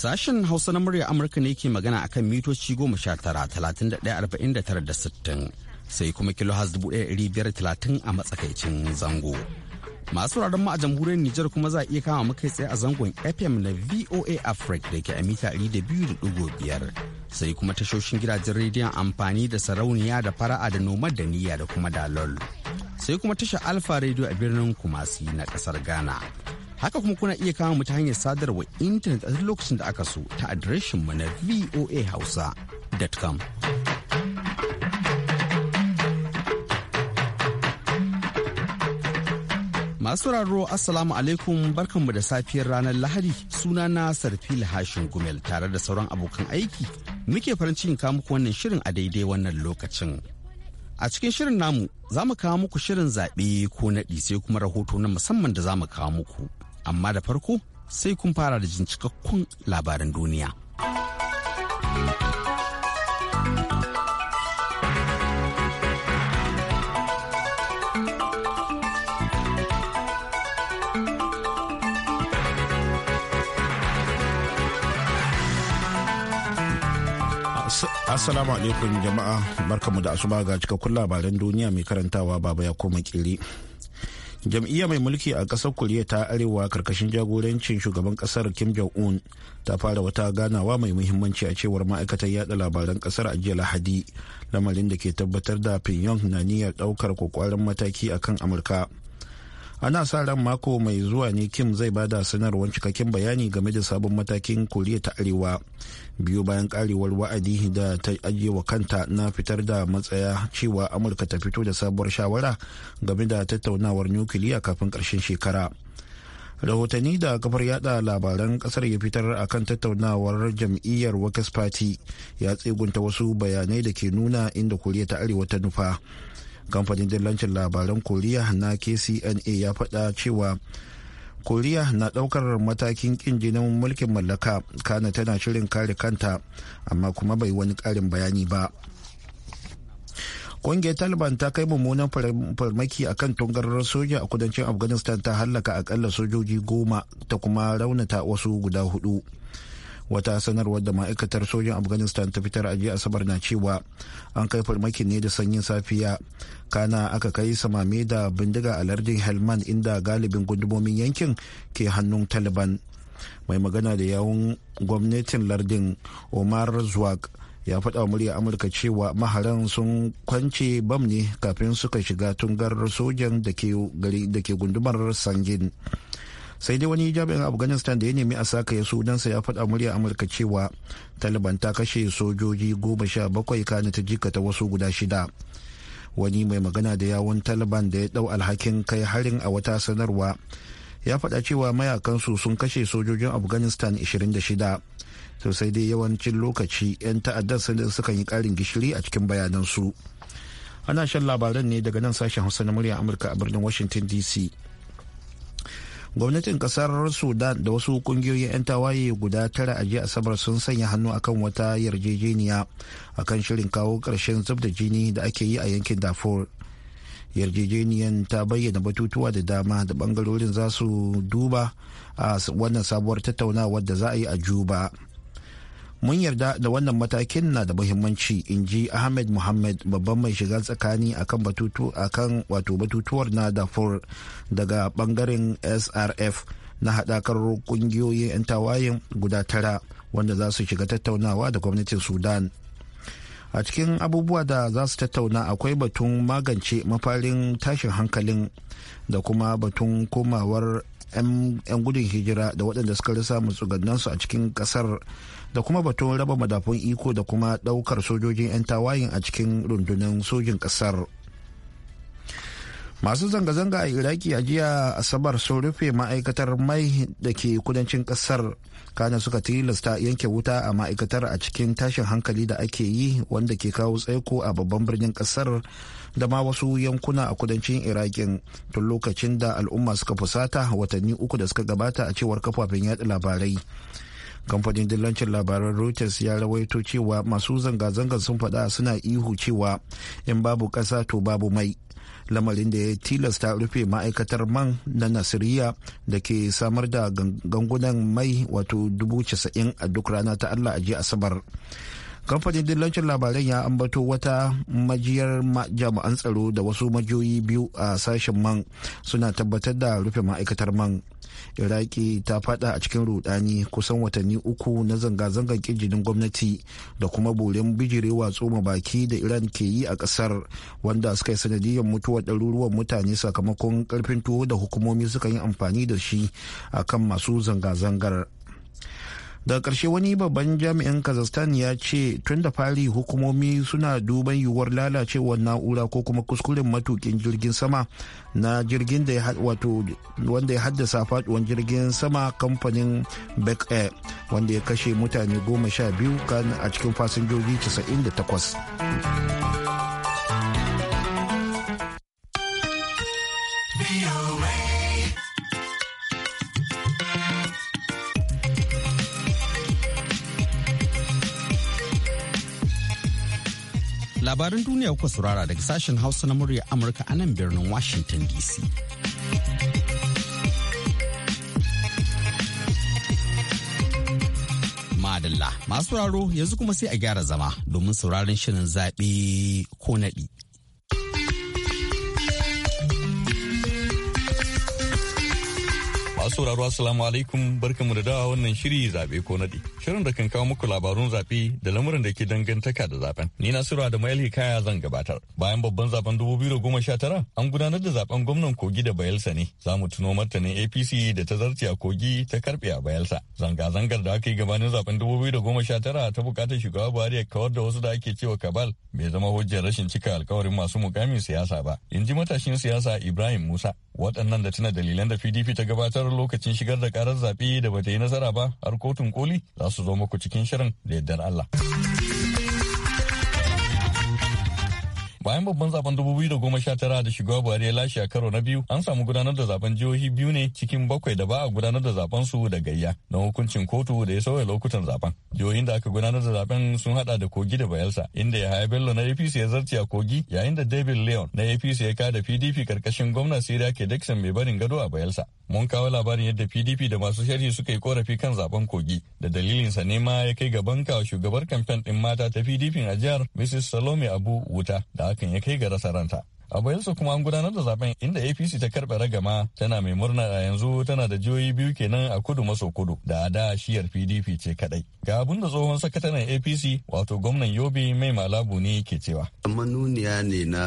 Sashen Hausa na murya Amurka ne ke magana a kan mitoci goma sha tara talatin da ɗaya arba'in da tara da sittin sai kuma kilo has dubu ɗaya ɗari biyar talatin a matsakaicin zango. Masu wuraren mu a jamhuriyar Nijar kuma za a iya kama muka tsaye a zangon FM na VOA Africa da ke a mita ɗari da biyu da ɗigo biyar. Sai kuma tashoshin gidajen rediyon amfani da sarauniya da fara'a da noma da niyya da kuma dalol. Sai kuma tasha Alfa Radio a birnin Kumasi na ƙasar Ghana. Haka kuma kuna iya kama mu ta hanyar sadarwa intanet a lokacin da aka so ta adireshin mu na voahausa.com. Masu raro Assalamu alaikum barkanmu da safiyar ranar Lahadi suna na Sarfil Hashin Gumel tare da sauran abokan aiki muke farin cikin kawo muku wannan shirin a daidai wannan lokacin. A cikin shirin namu za mu kawo muku shirin zaɓe ko naɗi sai kuma rahoto na musamman da za mu kawo muku. amma da farko sai kun fara da jin cikakkun labaran duniya. Assalamu alaikum jama'a barkamu da asuba ga cikakkun labaran duniya mai karantawa baba ya koma kiri. jam'iyya mai mulki a ƙasar koriya ta arewa karkashin jagorancin shugaban ƙasar kim jong-un ta fara wata ganawa mai muhimmanci a cewar ma'aikatar yada labaran ƙasar a jiya lahadi lamarin da ke tabbatar da pyongyang na niyyar ɗaukar kokwarin mataki akan amurka ana sa ran mako mai zuwa ne kim zai bada sanarwar cikakken bayani game da sabon matakin koriya ta arewa biyu bayan karewar wa'adi da ta ajiye kanta na fitar da matsaya cewa amurka ta fito da sabuwar shawara game da tattaunawar nukiliya kafin karshen shekara rahotanni da kafar yada labaran kasar ya fitar a kan tattaunawar jam'iyyar workers party ya tsegunta wasu bayanai da ke nuna inda koriya ta arewa ta nufa kamfanin dillancin labaran koriya na kcna ya faɗa cewa koriya na ɗaukar matakin ƙin jinin mulkin mallaka kana tana shirin kare kanta amma kuma bai wani ƙarin bayani ba ƙungiyar taliban ta kai mummunan farmaki a kan tungarar soja a kudancin afghanistan ta hallaka akalla sojoji goma ta kuma raunata wasu guda hudu wata sanarwar da ma'aikatar sojin afghanistan ta fitar a jiya asabar na cewa an kai farmakin ne da sanyin safiya kana aka kai samame da bindiga a lardin helmand inda galibin gundumomin yankin ke hannun taliban mai magana da yawun gwamnatin lardin omar zuwak ya faɗa murya amurka cewa maharan sun kwance bam ne kafin suka shiga tungar sojan da ke gundumar sangin sai dai wani jami'in afghanistan da ya nemi a saka ya sunansa ya faɗa murya amurka cewa taliban ta kashe sojoji goma sha bakwai kana ta jikata wasu guda shida wani mai magana da yawon taliban da ya ɗau alhakin kai harin a wata sanarwa ya faɗa cewa mayakansu sun kashe sojojin afghanistan 26 sosai dai yawancin lokaci 'yan ta'addar sun suka yi karin gishiri a cikin bayanansu ana shan labaran ne daga nan sashen hausa na murya amurka a birnin washington dc gwamnatin kasar sudan da wasu kungiyoyin 'yan tawaye guda tara a jiya asabar sun sanya hannu akan wata yarjejeniya akan shirin kawo karshen zub da jini da ake yi a yankin darfur yarjejeniyan ta bayyana batutuwa da dama da bangarorin za su duba a wannan sabuwar tattaunawar da za a yi a juba mun yarda da wannan matakin na da muhimmanci in ji ahmed muhammad babban mai shiga tsakani akan batutu akan wato batutuwar na dafur daga bangaren srf na haɗakar ƙungiyoyin 'yan tawayen guda tara wanda za su shiga tattaunawa da gwamnatin sudan a cikin abubuwa da za su tattauna akwai batun magance mafarin tashin hankalin da kuma batun komawar 'yan gudun hijira da waɗanda suka rasa matsugunansu a cikin ƙasar da kuma batun raba madafun iko da kuma daukar sojojin 'yan tawayin a cikin rundunar sojin kasar masu zanga-zanga a iraki a jiya asabar sun rufe ma'aikatar mai da ke kudancin kasar kana suka tilasta yanke wuta a ma'aikatar a cikin tashin hankali da ake yi wanda ke kawo tsaiko a babban birnin kasar da ma wasu yankuna a kudancin irakin tun lokacin da al'umma suka fusata watanni uku da suka gabata a cewar kafafen yaɗa labarai kamfanin dillancin labaran reuters ya rawaito cewa masu zanga-zangar sun faɗa suna ihu cewa in babu ƙasa to babu mai lamarin da ya tilasta rufe ma'aikatar man na nasiriya da ke samar da gangunan mai wato 90,000 a duk rana ta allah a asabar kamfanin dillancin labaran ya ambato wata majiyar jami'an tsaro da wasu majiyoyi biyu a sashen man suna tabbatar da rufe ma'aikatar man iraki ta fada a cikin rudani kusan watanni uku na zanga-zangar kirjinin gwamnati da kuma boren bijirewa tsoma baki da iran ke yi a kasar wanda suka yi sanadiyar mutuwar ɗaruruwan mutane sakamakon karfin tuwo da hukumomi suka yi amfani da shi akan masu zanga-zangar daga ƙarshe wani babban jami'in kazakhstan ya ce tun da fari hukumomi suna duban yiwuwar lalacewar na'ura ko kuma kuskuren matukin jirgin sama na jirgin da ya wanda ya haddasa faduwan jirgin sama kamfanin back air wanda ya kashe mutane goma sha biyu a cikin fasinjoji 98 labaran duniya kuka saurara daga sashen hausa na murya amurka a nan birnin washington dc madalla masu sauraro yanzu kuma sai a gyara zama domin sauraron shirin zaɓe ko naɗi Masu sauraro Assalamu alaikum barkanmu da dawa wannan shiri zabe ko nadi. Shirin da kan kawo muku labarun zabe da lamuran da ke dangantaka da zaben. Ni na Sura da mai Hikaya zan gabatar. Bayan babban zaben 2019 an gudanar da zaben gwamnan Kogi da Bayelsa ne. Za mu tuno martanin APC da ta zarce a Kogi ta karbe a Bayelsa. Zanga-zangar da aka yi gabanin zaben 2019 ta bukatar shugaba Buhari ya kawar da wasu da ake cewa kabal bai zama hujjar rashin cika alkawarin masu mukamin siyasa ba. In ji matashin siyasa Ibrahim Musa. Waɗannan da tuna dalilan da PDP ta gabatar lokacin shigar da karar zaɓe da bata yi nasara ba har kotun koli za su zo muku cikin shirin da yardar Allah. Bayan babban zaben 2019 da shugaba Buhari ya lashe a karo na biyu, an samu gudanar da zaben jihohi biyu ne cikin bakwai da ba a gudanar da zaben su da gayya don hukuncin kotu da ya sauya lokutan zaben. Jihohin da aka gudanar da zaben sun hada da Kogi da Bayelsa, inda Yahaya Bello na APC ya zarce a Kogi, yayin da David Leon na APC ya da PDP karkashin gwamna Siriya ke Dixon mai barin gado a Bayelsa. Mun kawo labarin yadda PDP da masu sharhi suka yi korafi kan zaben Kogi, da dalilinsa ne ma ya kai gaban bankawa shugabar kamfen din mata ta PDP a jihar Mrs. Salome Abu Wuta da hakan ya kai ga rasa ranta. a bayansa kuma an gudanar da zaben inda apc ta karɓe ragama tana mai murna a yanzu tana da jihohi biyu kenan a kudu maso kudu da da shiyar pdp ce kadai ga abin da tsohon sakataren apc wato gwamnan yobe mai malabu ne ke cewa manuniya ne na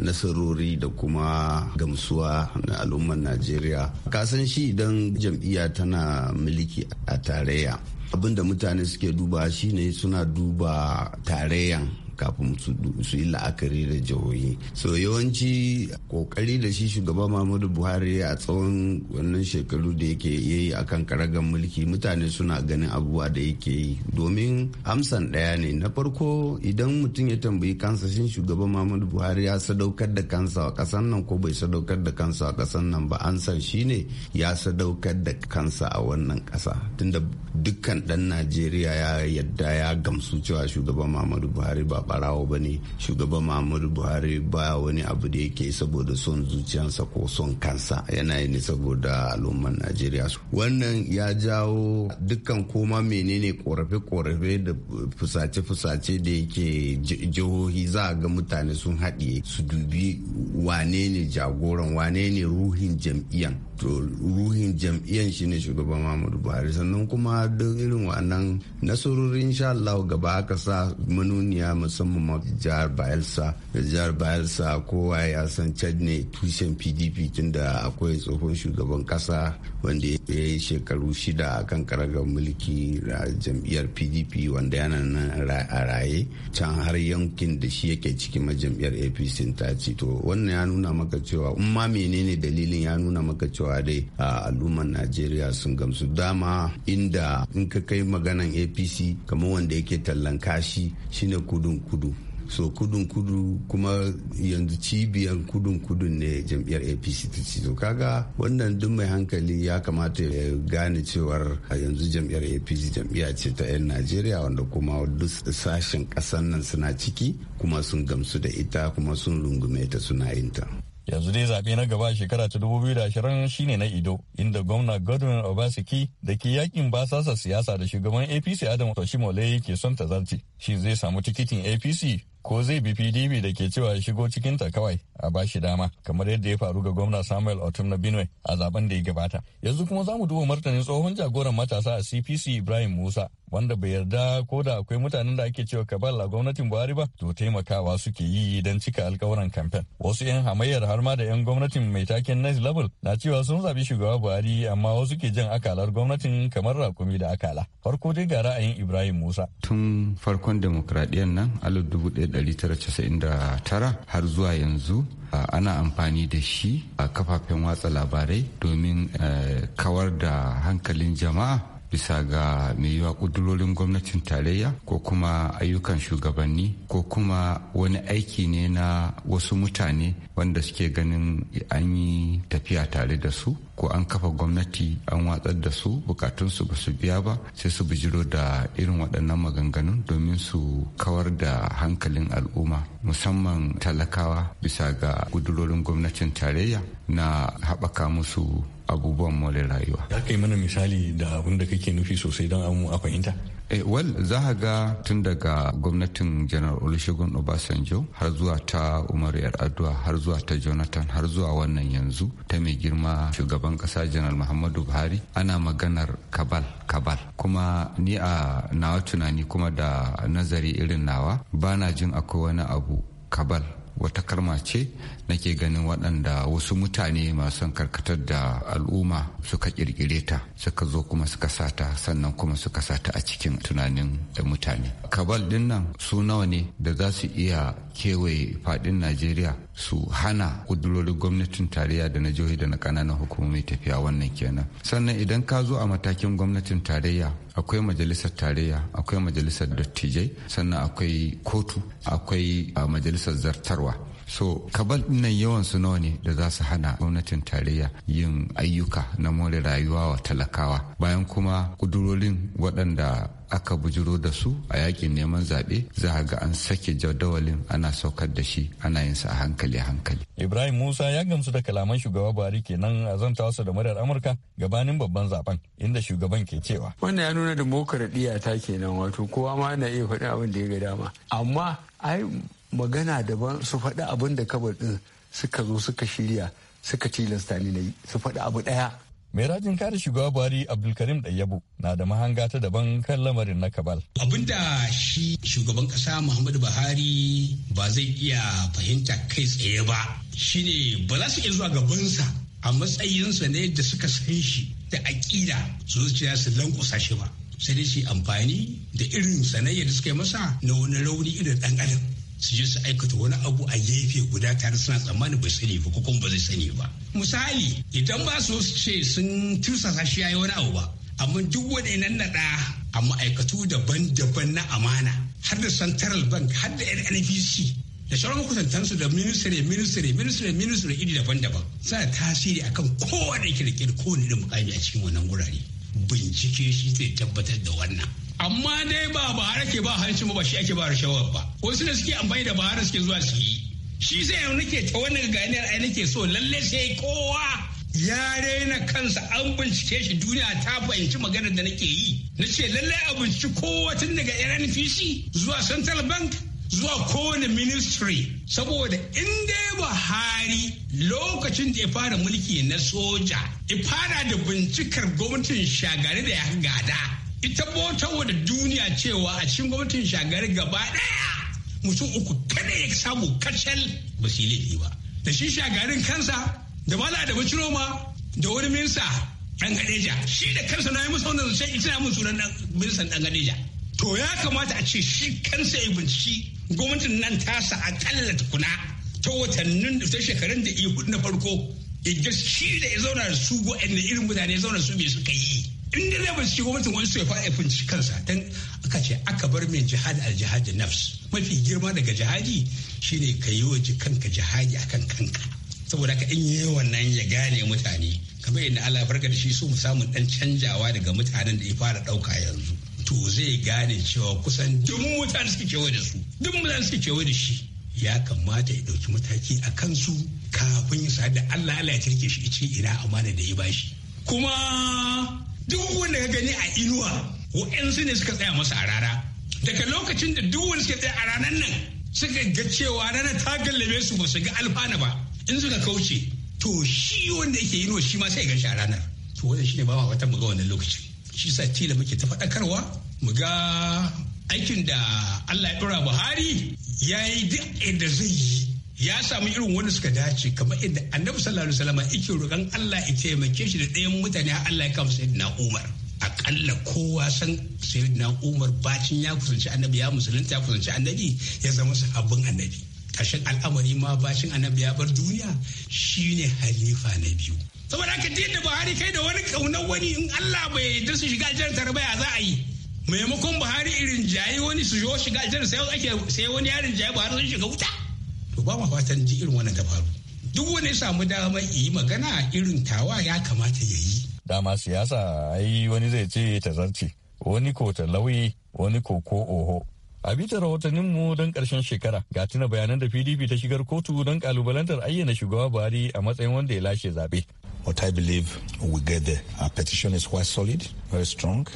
nasarori da kuma gamsuwa na al'ummar najeriya kasan shi idan jam'iyya tana miliki a tarayya abin da mutane suke duba shine suna duba tarayyan kafin su yi la'akari da jihohi so yawanci kokari da shi shugaba muhammadu buhari a tsawon wannan shekaru da yake yi a kan karagan mulki mutane suna ganin abubuwa da yake yi domin amsan ɗaya ne na farko idan mutum ya tambayi kansa shin shugaba muhammadu buhari ya sadaukar da kansa a ƙasar nan ko bai sadaukar da kansa a ƙasar nan ba an san shi ne ya sadaukar da kansa a wannan ƙasa tunda dukkan ɗan najeriya ya yadda ya gamsu cewa shugaba muhammadu buhari ba barawo ba ne shugaban muhammadu buhari ba wani abu da yake saboda son zuciyarsa ko son kansa yana yi ne saboda al'umman najeriya wannan ya jawo dukkan koma menene korafe-korafe da fusace-fusace da yake jihohi za a ga mutane sun haɗiye su dubi wane ne jagoran wane ne ruhin jam'iyyan to ruhin jam'iyyar shi ne shugaban muhammadu buhari sannan kuma don irin wannan nasarori insha Allah gaba aka sa manuniya musamman ma jihar bayelsa da jihar bayelsa kowa ya san chad ne tushen pdp tunda akwai tsohon shugaban kasa wanda ya yi shekaru shida a kan karagar mulki a jam'iyyar pdp wanda yana nan a raye can har yankin da shi yake cikin majam'iyyar apc ta ce to wannan ya nuna maka cewa in ma menene dalilin ya nuna maka cewa dai a al'umman najeriya sun gamsu dama inda in ka kai maganan apc kamar wanda yake tallan kashi shine kudun kudu so kudun kudu kuma yanzu cibiyar kudun kudun ne jam'iyyar apc ta ci to kaga wannan duk mai hankali ya kamata ya gane cewar yanzu jam'iyyar apc jam'iyya ce ta 'yan najeriya wanda kuma duk sashen kasan nan suna ciki kuma sun gamsu da ita kuma sun rungume ta suna yin ta yanzu dai zaɓe na gaba shekara ta da 2020 shine na ido inda gwamna godwin obasiki da ke yakin basasa siyasa da shugaban apc adam toshimole ke son ta zarce shi zai samu tikitin apc ko zai bi pdp da ke cewa ya shigo cikinta kawai a bashi dama kamar yadda ya faru ga gwamna samuel otum na benue a zaben da ya gabata yanzu kuma za mu duba martanin tsohon jagoran matasa a cpc ibrahim musa wanda bai yarda ko da akwai mutanen da ake cewa kabal a gwamnatin buhari ba to taimakawa suke yi don cika alkawuran kamfen wasu 'yan hamayyar har ma da 'yan gwamnatin mai taken next level na cewa sun zabi shugaba buhari amma wasu ke jan akalar gwamnatin kamar rakumi da akala farko dai ga ra'ayin ibrahim musa tun farkon demokradiyyar nan alif 1999 har zuwa yanzu ana amfani da shi a kafafen watsa labarai domin eh, kawar da hankalin jama'a bisa ga mai yiwa kudurorin gwamnatin tarayya ko kuma ayyukan shugabanni ko kuma wani aiki ne na wasu mutane wanda suke ganin an yi tafiya tare da su ko an kafa gwamnati an watsar da su bukatunsu ba su biya ba sai su bijiro da irin waɗannan maganganun domin su kawar da hankalin al'umma musamman talakawa bisa ga kudurorin gwamnatin tarayya na haɓaka musu abubuwan more rayuwa. Za ka yi mana misali da abin da kake nufi sosai don amu a fahimta? Eh, well, za a ga tun daga gwamnatin janar Olusegun Obasanjo har zuwa ta Umar Yar'adua har zuwa ta Jonathan har zuwa wannan yanzu ta mai girma shugaban kasa janar Muhammadu Buhari ana maganar kabal kabal kuma ni a nawa tunani kuma da nazari irin nawa bana jin akwai wani abu kabal wata karma ce nake ganin waɗanda wasu mutane masu karkatar da al'umma suka kirkire ta suka zo kuma suka sata sannan kuma suka sata a cikin tunanin da mutane kabal din nan su nawa ne da za su iya kewaye fadin najeriya su hana kudurorin gwamnatin tarayya da na jihohi da na ƙananan hukumomi tafiya wannan kenan sannan idan ka zo a matakin gwamnatin tarayya akwai majalisar tarayya akwai majalisar dattijai sannan akwai kotu akwai ah, majalisar zartarwa so kabal dinnan yawan su nawa ne da za su hana gwamnatin tarayya yin ayyuka na more rayuwa wa talakawa bayan kuma kudurorin waɗanda aka bujuro da su a yakin neman zaɓe za a ga an sake jadawalin ana saukar da shi ana yin sa a hankali hankali. Ibrahim Musa ya gamsu da kalaman shugaba Buhari kenan a zantawarsa da muryar Amurka gabanin babban zaben inda shugaban ke cewa. Wannan ya nuna dimokuraɗiyya ta kenan wato kowa ma na iya faɗi abin da ya ga dama amma ai magana daban su faɗi abin da kabar ɗin suka zo suka shirya suka tilasta ni na yi su faɗi abu ɗaya mai rajin kare shugaba buhari abdulkarim ɗayyabu na da mahanga ta daban kan lamarin na kabal da shi shugaban ƙasa muhammadu buhari ba zai iya fahimta kai tsaye ba shine ba za su iya zuwa gabansa a matsayinsa ne da suka san shi da aƙida su zuciya su lankusa shi ba sai dai shi amfani da irin sanayyar da suka yi masa na wani rauni irin ɗan adam su je su aikata wani abu a gefe guda tare suna tsammanin bai sani ba kuma ba zai sani ba misali idan ba su ce sun tursasa shi yayi wani abu ba amma duk wani nan na da a ma'aikatu daban-daban na amana har da central bank har da nnpc da shawarar makusantansu da ministry ministry ministry ministry iri daban-daban suna tasiri akan kowane kirkir kowane da mukami a cikin wannan wurare. bincike shi zai tabbatar da wannan amma dai ba bahara ke ba hancin ba shi ake ba rashawar ba wasu da suke amfani da bahara suke zuwa su yi shi sai yau nake ta wannan ganiyar ai nake so lallai sai kowa ya raina kansa an bincike shi duniya ta fahimci maganar da nake yi na ce lalle a binciki kowa tun daga nnpc zuwa central bank zuwa kowane ministry saboda in dai buhari lokacin da ya fara mulki na soja ya fara da bincikar gwamnatin shagari da ya gada ita bota da duniya cewa a cikin gwamnatin shagari gaba daya mutum uku kada ya samu kacal ba su yi ba da shi shagarin kansa da mala da da wani minsa dan gadeja shi da kansa na yi musu wanda zai ita na mun sunan ministan dan gadeja to ya kamata a ce shi kansa ya binciki gwamnatin nan tasa tallata tukuna ta watannin ta shekarun da iya hudu na farko ya shi da ya zauna da su da irin mutane ya zauna su bai suka yi in da zai binciki gwamnatin wani su ya fara binciki kansa don aka ce aka bar mai jihadi al jihad nafs mafi girma daga jihadi shine ka yi wa kanka jihadi akan kanka saboda ka in yi nan ya gane mutane kamar yadda Allah ya farka da shi su mu samu dan canjawa daga mutanen da ya fara dauka yanzu to zai gane cewa kusan duk mutane suke kewaye da su duk mutane suke kewaye da shi ya kamata ya ɗauki mataki a kansu kafin ya da Allah Allah ya tirke shi ce ina amana da ya bashi kuma duk wanda ka gani a inuwa wa'yansu ne suka tsaya masa a rana daga lokacin da duk wanda suka tsaya a ranar nan suka ga cewa rana ta gallabe su ba su ga alfana ba in suka kauce to shi wanda yake inuwa shi ma sai ga shi a ranar to wannan shine ba ma wata muga wannan lokacin shi sa tila muke ta faɗakarwa mu ga aikin da Allah ya ɗora Buhari ya yi duk inda zai yi ya samu irin wanda suka dace kamar inda annabi sallallahu alaihi wasallam yake roƙon Allah ya taimake shi da ɗayan mutane har Allah ya kama sayyidina Umar akalla kowa san sayyidina Umar bacin ya kusanci annabi ya musulunta ya kusanci annabi ya zama sahabbin annabi kashin al'amari ma bacin annabi ya bar duniya shine halifa na biyu saboda haka din da buhari kai da wani kaunar wani in allah bai yarda su shiga aljanna tare ya za a yi maimakon buhari irin jayi wani su yo shiga aljanna sai ake sai wani yarin jayi buhari sun shiga wuta to ba ma fatan ji irin wannan dabaru duk wani ya samu damar yi magana irin tawa ya kamata ya yi dama siyasa ai wani zai ce ta zarce wani ko ta lauyi wani ko ko oho a bitar rahotanninmu don karshen shekara ga tuna bayanan da pdp ta shigar kotu don kalubalantar ayyana shugaba buhari a matsayin wanda ya lashe zaɓe But I believe we get there. Our petition is quite solid, very strong.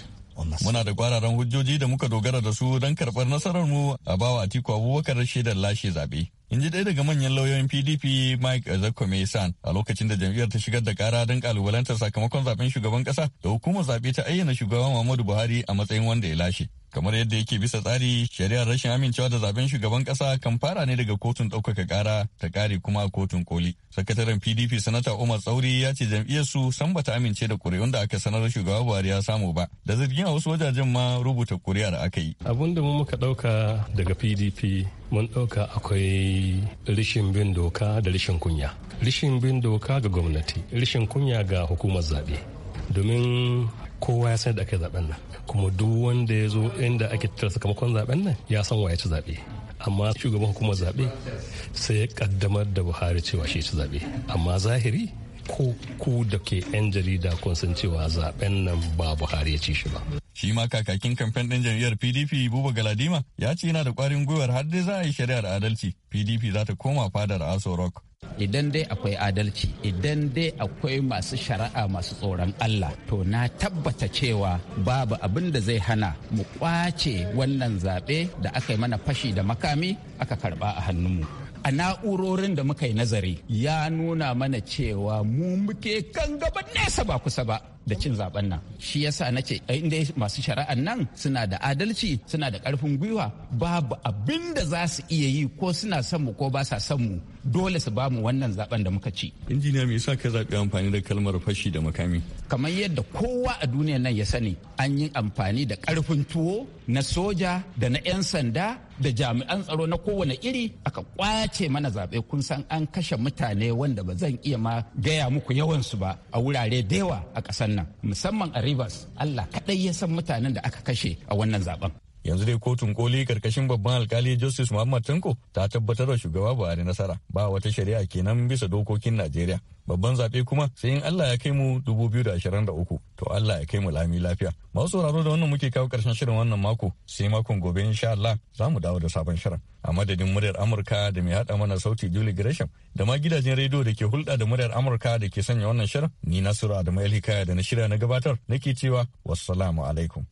Muna da kwararan hujjoji da muka dogara da su don karɓar mu a bawa Atiku Abubakar shaidar lashe zaɓe. In ji ɗaya daga manyan lauyoyin PDP Mike Ezekome San a lokacin da jam'iyyar ta shigar da kara don kalubalantar sakamakon zaben shugaban ƙasa da hukumar zaɓe ta ayyana shugaban Muhammadu Buhari a matsayin wanda ya lashe. kamar yadda yake bisa tsari shari'ar rashin amincewa da zaben shugaban kasa kan fara ne daga kotun ɗaukaka kara ta kare kuma a kotun koli sakataren pdp sanata umar tsauri ya ce jam'iyyarsu san bata amince da kuri'un da aka sanar shugaba buhari ya samu ba da zargin a wasu wajajen ma rubuta ƙuri'ar aka yi abun da mu muka ɗauka daga pdp mun ɗauka akwai rishin bin doka da rishin kunya rishin bin doka ga gwamnati rishin kunya ga hukumar zaɓe domin kowa ya sanar da aka zaben nan kuma duk wanda ya zo inda ake tattara sakamakon zaben nan ya san waye ci zaɓe. amma shugaban hukumar zaɓe sai ya kaddamar da Buhari cewa shi ci zaɓe. amma zahiri ko ku da ke 'yan jarida kun san cewa zaben nan ba Buhari ya ci shi ba. Shi ma kakakin kamfen ɗin jam'iyyar PDP Buba Galadima ya ce yana da ƙwarin gwiwar har dai za a yi shari'ar adalci PDP za ta koma fadar Aso Rock. idan dai akwai adalci idan dai akwai masu shari'a masu tsoron Allah to na tabbata cewa babu abin da zai hana mu kwace wannan zaɓe da aka yi mana fashi da makami aka karɓa a hannunmu a na'urorin da muka yi nazari ya nuna mana cewa mu muke kan gaban nesa ba kusa ba da cin zaben nan shi yasa nace inda masu shari'an nan suna da adalci suna da karfin gwiwa babu abin da za su iya yi ko suna son mu ko ba sa son mu dole su ba mu wannan zaben da muka ci injiniya me yasa ka zabi amfani da kalmar fashi da makami kamar yadda kowa a duniya nan ya sani an yi amfani da karfin tuwo na soja da na 'yan sanda da jami'an tsaro na kowane iri aka kwace mana zaɓe kun san an kashe mutane wanda ba zan iya ma gaya muku yawansu ba a wurare da yawa a ƙasar nan musamman a Rivers Allah kadai ya san mutanen da aka kashe a wannan zaben. yanzu dai kotun koli karkashin babban alkali justice muhammad tanko ta tabbatar da shugaba buhari nasara ba wata shari'a kenan bisa dokokin najeriya babban zaɓe kuma sai in allah ya kai mu biyu da ashirin uku to allah ya kai mu lami lafiya masu sauraro da wannan muke kawo karshen shirin wannan mako sai makon gobe insha allah za mu dawo da sabon shirin a madadin muryar amurka da mai haɗa mana sauti julie gresham da ma gidajen rediyo da ke hulɗa da muryar amurka da ke sanya wannan shirin ni nasiru adamu hikaya da na shirya na gabatar nake cewa wassalamu alaikum.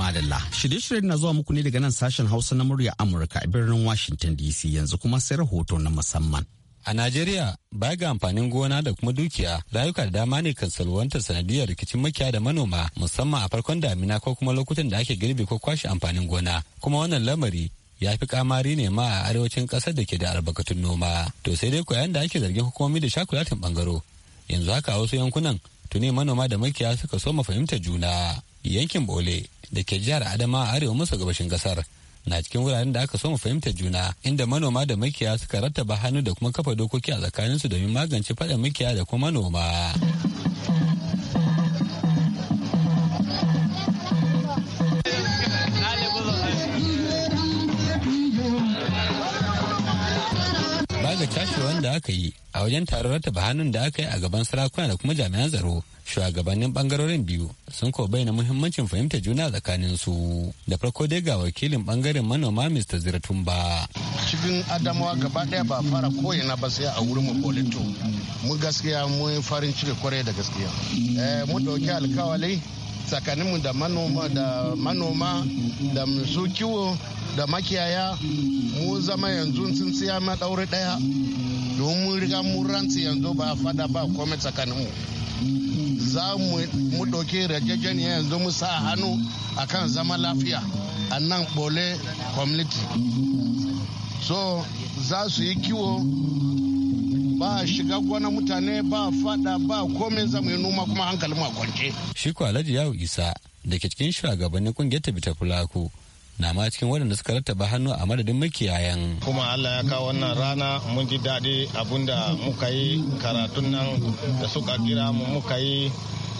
madalla. Shirye-shiryen na zuwa muku ne daga nan sashen Hausa na murya Amurka a birnin Washington DC yanzu kuma sai rahoto na musamman. A Najeriya, baya ga amfanin gona da kuma dukiya, rayuka da dama ne kan salwanta sanadiyar rikicin makiya da manoma musamman a farkon damina ko kuma lokutan da ake girbe ko kwashe amfanin gona. Kuma wannan lamari ya fi kamari ne ma a arewacin kasar da ke da albarkatun noma. To sai dai koyan da ake zargin hukumomi da shakulatin bangaro. Yanzu haka a wasu yankunan tuni manoma da makiya suka soma fahimtar juna. yankin bole da ke jihar adama a arewa masa gabashin kasar na cikin wuraren da aka so mu fahimta juna inda manoma da makiya suka rattaba hannu da kuma kafa dokoki a tsakaninsu domin magance faɗa makiya da kuma manoma. Baga cashe wanda aka yi a wajen taron rattaba hannun da aka yi a gaban sarakuna da kuma jami'an tsaro shugabannin bangarorin biyu sun ko bayyana muhimmancin fahimta juna tsakanin su da farko dai ga wakilin bangaren manoma mr ziratumba cikin adamawa gaba daya ba fara koyina ba sai a wurin mapolito mu gaskiya mu farin ciki kwarai da gaskiya eh, mu dauki alkawali tsakaninmu da manoma da manoma da su kiwo da makiyaya mu zama yanzu sun siya daure daya domin riga mun rantsi yanzu ba fada ba komai tsakaninmu za mu ɗauki yarjejeniya yanzu mu sa hannu a kan zama lafiya a nan ɓole community so za su yi kiwo ba shiga gona mutane ba fada ba komai zamu yi noma kuma hankalin kwance. shi ko alhaji yawo isa da ke cikin shugabannin kungiyar ta fulaku na ma cikin waɗanda suka rattaba hannu a madadin makiyayan. Kuma Allah ya kawo wannan rana mun ji daɗi abinda muka yi karatun nan da suka kira mu muka yi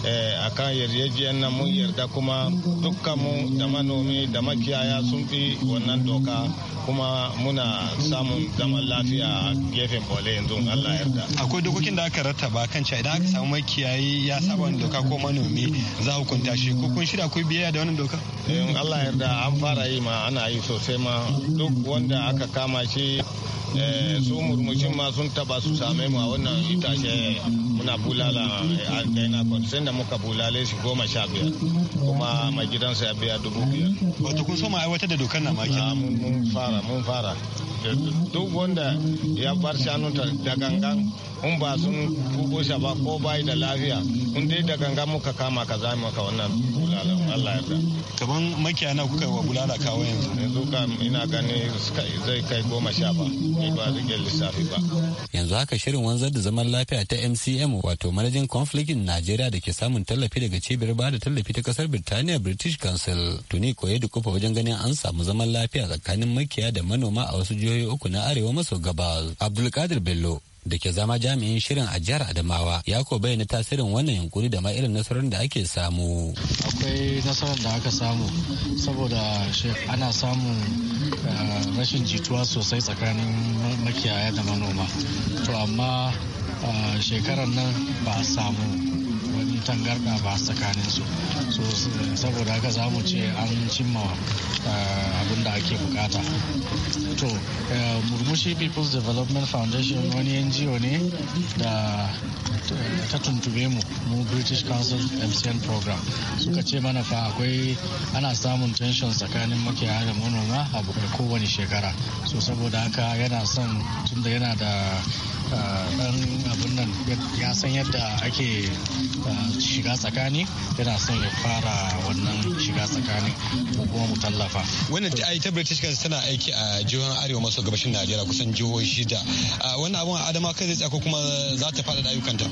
Eh, a kan yarjejiyar nan mun yarda kuma dukkanmu da manomi da makiyaya sun fi wannan doka kuma muna samun zaman lafiya a gefen bole yanzu Allah yarda. Akwai dokokin da aka rattaba kan cewa idan aka samu makiyayi ya saba wani doka ko manomi za hukunta shi ko kun shirya akwai biyayya da wannan doka? Eh, Allah yarda an fara yi ma ana yi sosai ma duk wanda aka kama shi Eh, su murmushin ma sun taba su same mu a wannan itace muna bulala eh, a gaina sai da muka bulale shi goma sha biyar kuma mai gidansa ya biya dubu biyar. wato kun so ma aiwatar da dokar na maki ah, mun fara mun fara duk wanda ya bar ta da gangan in ba sun kubo shi ba ko bai da lafiya mun dai da gangan muka kama ka zai maka wannan bulala Allah ya kaman makiyana kuka wa bulala kawo yanzu yanzu kan ina gani zai kai goma sha ba Yanzu haka shirin wanzar da zaman lafiya ta MCM wato Managing Conflict in nigeria da ke samun tallafi daga cibiyar ba da tallafi ta kasar Birtaniya British Council tuni koye da kufa wajen ganin an samu zaman lafiya tsakanin makiya da manoma a wasu jihohi uku na arewa maso gabas. Abdulkadir Bello da ke zama jami'in shirin a jihar Adamawa ya ko bayyana tasirin wannan yunkuri da ma irin nasarar da ake samu. Akwai nasarar da aka samu saboda ana samun eh, rashin jituwa sosai tsakanin makiyaya da manoma. To amma eh, shekarar nan ba a samu wani tangarda ba tsakanin su so saboda haka za mu ce an cimma eh, abin da ake bukata to eh, murmushi people's development foundation wani ngo ne da ta tuntube mu mu british council mcn program suka ce mana fa akwai ana samun tension tsakanin makiyaya da manoma a kowane shekara so saboda haka yana son tunda yana da Dan abin nan ya san yadda ake shiga tsakani yana son ya fara wannan shiga tsakanin ko kuma mu tallafa. Wannan ta ta British Council tana aiki a jihohin Arewa maso gabashin Najeriya kusan jihohi shida. Wannan abun Adama kai zai tsako kuma za ta faɗaɗa ayyukanta.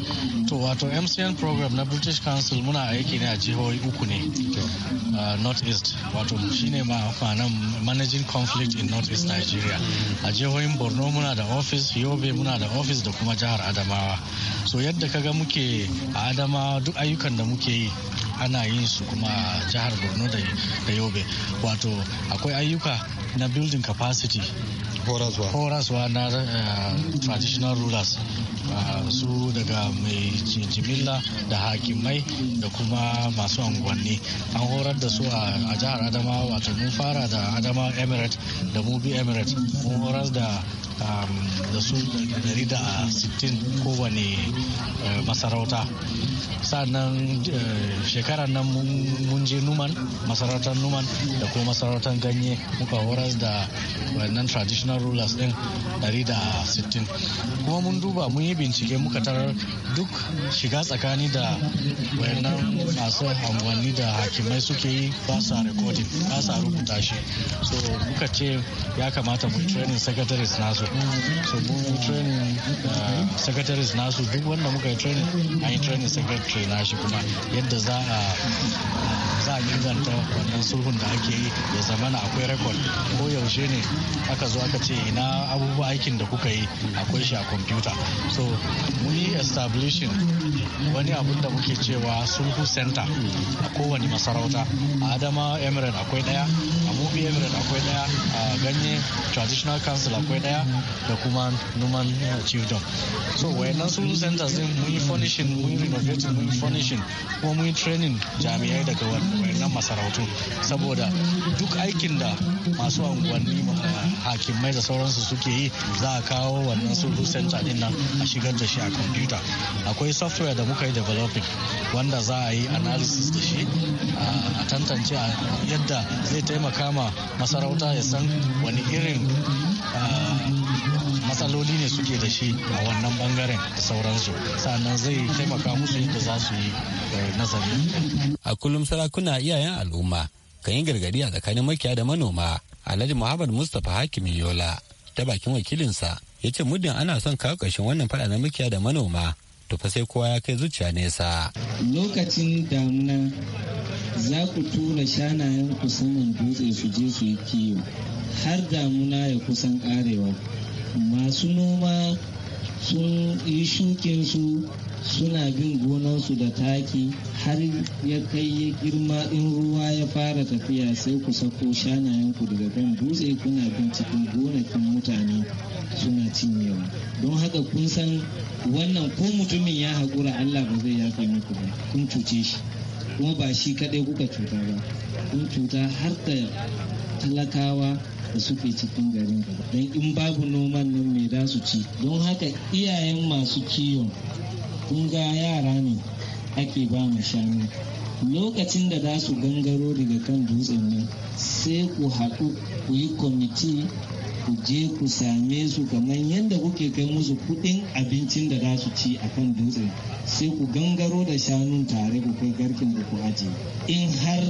To wato MCN program na British Council muna aiki ne a jihohi uku ne. North East wato shine ma'anan managing conflict in North East Nigeria. A jihohin Borno muna da office, Yobe muna da office ofis da kuma jihar adamawa so yadda kaga muke a adamawa duk ayyukan da muke yi ana yin su kuma jihar borno da yobe wato akwai ayyuka na building capacity horaswa na eh, traditional rulers ah, su daga mai jimilla da hakimai da kuma masu unguwanni an horar da su a jihar adamawa wato mun fara da adama emirate da mubi emirate mun horar da Um, da su da sittin kowane eh, masarauta sannan eh, shekarar nan mun je numan masarautar numan da kuma masarautar ganye muka horas da wannan traditional rulers din sittin kuma mun duba mun yi bincike muka tarar duk shiga tsakani da wannan masu amfani da hakimai suke yi ba sa recording ba sa rubuta shi so muka ce ya kamata mu training secretaries nasu so mu training da secretaries nasu duk wanda muka yi training a yi training secretary nashi kuma yadda za a za a inganta wannan sulhun da ake yi ya zama akwai rekod ko yaushe ne aka zo aka ce ina abubuwa aikin da kuka yi akwai shi a kwamfuta so muni establishing wani abun da muke cewa sulhu center a kowane masarauta a adama emirate akwai daya a mubi emirate akwai daya a ganye traditional council akwai daya da kuma numan chiefdom so wayannan sulhu centers din mun furnishing mun renovating mun furnishing kuma mun training jami'ai daga wannan wayannan masarautu saboda duk aikin da masu unguwanni eh, hakimai da sauransu suke yi za a kawo wannan sulhu center din nan a shigar da shi a kwamfuta akwai software da muka yi developing wanda za a yi analysis da shi a tantance yadda zai taimaka ma masarauta ya san wani irin eh, matsaloli ne suke da shi a wannan bangaren da sauransu sannan zai taimaka musu yadda za su yi nazari. A kullum sarakuna iyayen al'umma kan yi gargadi a tsakanin makiya da manoma Alhaji Muhammad Mustapha Hakim Yola ta bakin wakilinsa ya ce muddin ana son kawo ƙarshen wannan faɗa na makiya da manoma to fa sai kowa ya kai zuciya nesa. Lokacin damuna za ku tura shanayen ku saman dutse su je su yi kiwo har damuna ya kusan karewa. Masu noma sun yi shukinsu suna bin gonansu da taki har ya kai ya girma in ruwa ya fara tafiya sai ku sako shanayenku daga kan dutse kuna bin cikin gonakin mutane suna cinyewa don haka kun san wannan ko mutumin ya haƙura allah ba zai yafe muku ba kun cuce shi kuma ba shi kaɗai kuka cuta ba kun cuta har da talakawa da suke cikin garin gaba don in babu noman nan mai za su ci don haka iyayen masu kiwon kun ga yara ne ake ba mu shanu lokacin da za su gangaro daga kan dutsen nan sai ku haɗu ku yi kwamiti ku je ku same su kamar yadda kuke kai musu kuɗin abincin da za su ci a kan dutsen sai ku gangaro da shanun tare ku kai garkin ku ajiye in har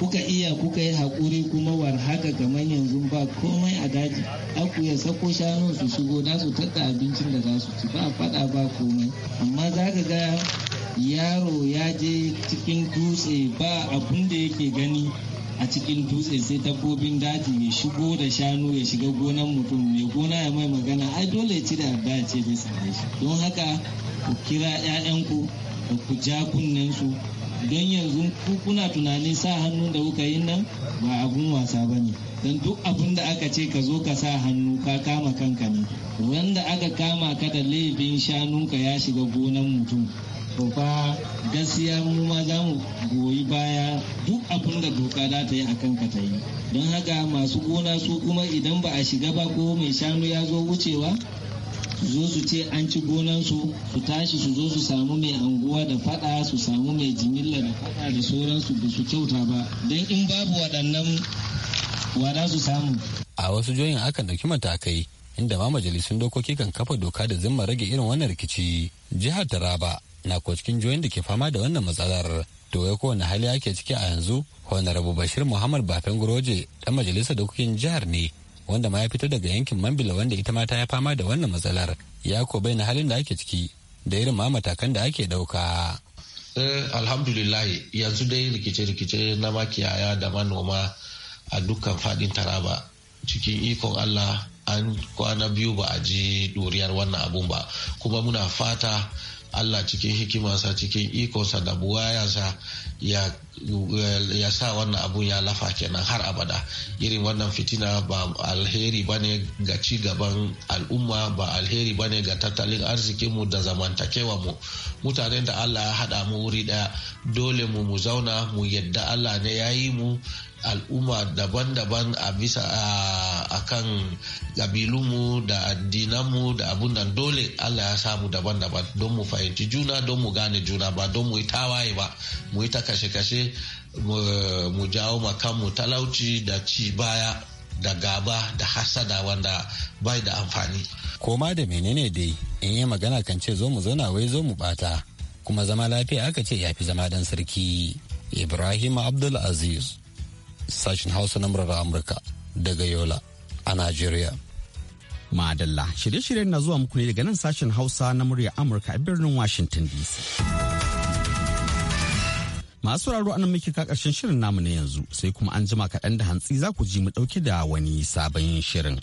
kuka iya kuka yi hakuri kuma war haka kamar yanzu ba komai a daji aku ya sako shanu su shigo da su tatta abincin da za su ci ba faɗa ba komai amma za ka ga yaro ya je cikin dutse ba abun da yake gani a cikin dutse sai dabbobin daji ya shigo da shanu ya shiga gonan mutum mai gona ya mai magana ai dole ya ci da abda ya ce bai don haka ku kira 'ya'yanku da ku ja kunnen su don yanzu kuna tunanin sa hannu da kuka yin nan ba abun wasa ba ne don duk abun da aka ce ka zo ka sa hannu ka kama kanka ne wanda aka kama ka da laifin shanunka ya shiga gonan mutum to fa gaskiya mu ma za mu goyi baya duk abin da doka za ta yi a kanka ta yi don haka masu gona su kuma idan ba a shiga ba ko mai shanu ya zo wucewa su zo su ce an ci gonansu su tashi su zo su samu mai anguwa da fada su samu mai jimilla da fada da sauransu ba su kyauta ba don in babu waɗannan wada su samu a wasu joyin akan ɗauki matakai inda ma majalisun dokoki kan kafa doka da zimma rage irin wannan rikici jihar taraba na ko cikin joyin da ke fama da wannan matsalar to ya kowane hali ake ciki a yanzu honarabu bashir muhammad bafin guroje dan majalisar dokokin jihar ne wanda ma ya fito daga yankin mambila wanda ita ma ta ya fama da wannan matsalar ya ko na halin da ake ciki da irin ma matakan da ake ɗauka. Eh, alhamdulillahi yanzu dai rikice-rikice na makiyaya da manoma a dukkan fadin taraba cikin ikon allah an kwana biyu ba a ji ɗuriyar wannan abun ba kuma muna fata Allah cikin hikimarsa cikin ikonsa da buwayansa ya, sa wannan abun ya lafa kenan har abada irin wannan fitina ba alheri ba ne ga ci gaban al'umma ba alheri ba ne ga tattalin arzikinmu da zamantakewa mu mutanen da Allah ya haɗa mu wuri ɗaya dole mu mu zauna mu yadda Allah ne ya yi mu al'umma daban-daban a bisa a kan ƙabilunmu da addinanmu da abun nan dole Allah ya samu daban-daban don mu fahimci juna don mu gane juna ba don mu yi tawaye ba mu yi ta kashe-kashe mu jawo kanmu talauci da ci baya da gaba da hasada wanda bai da amfani. Koma da menene dai in yi magana kan ce zo mu zauna wai zo mu bata kuma zama lafiya aka ce ya fi zama dan sarki. Ibrahim Abdul Aziz sashen hausa na murar amurka daga yola a najeriya madalla shirye-shiryen na zuwa muku ne daga nan sashen hausa na murya amurka a birnin washington dc masu raro anan muke ka karshen shirin namu na yanzu sai kuma an jima kaɗan da hantsi za ku ji mu ɗauke da wani sabon shirin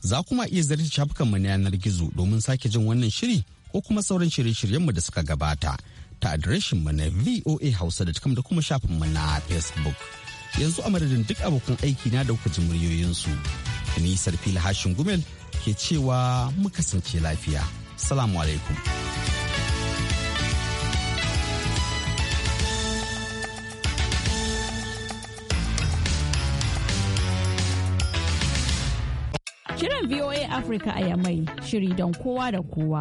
za kuma iya zarta mu na yanar gizo domin sake jin wannan shiri ko kuma sauran shirye shiryen mu da suka gabata ta adireshin mu na voa hausa da kuma shafin mu na facebook yanzu a madadin duk abokan aiki na da kuka muryoyinsu ni sarfil hashin gumel ke cewa muka sance lafiya salamu alaikum Kiran VOA Africa a Yamai shiri don kowa da kowa.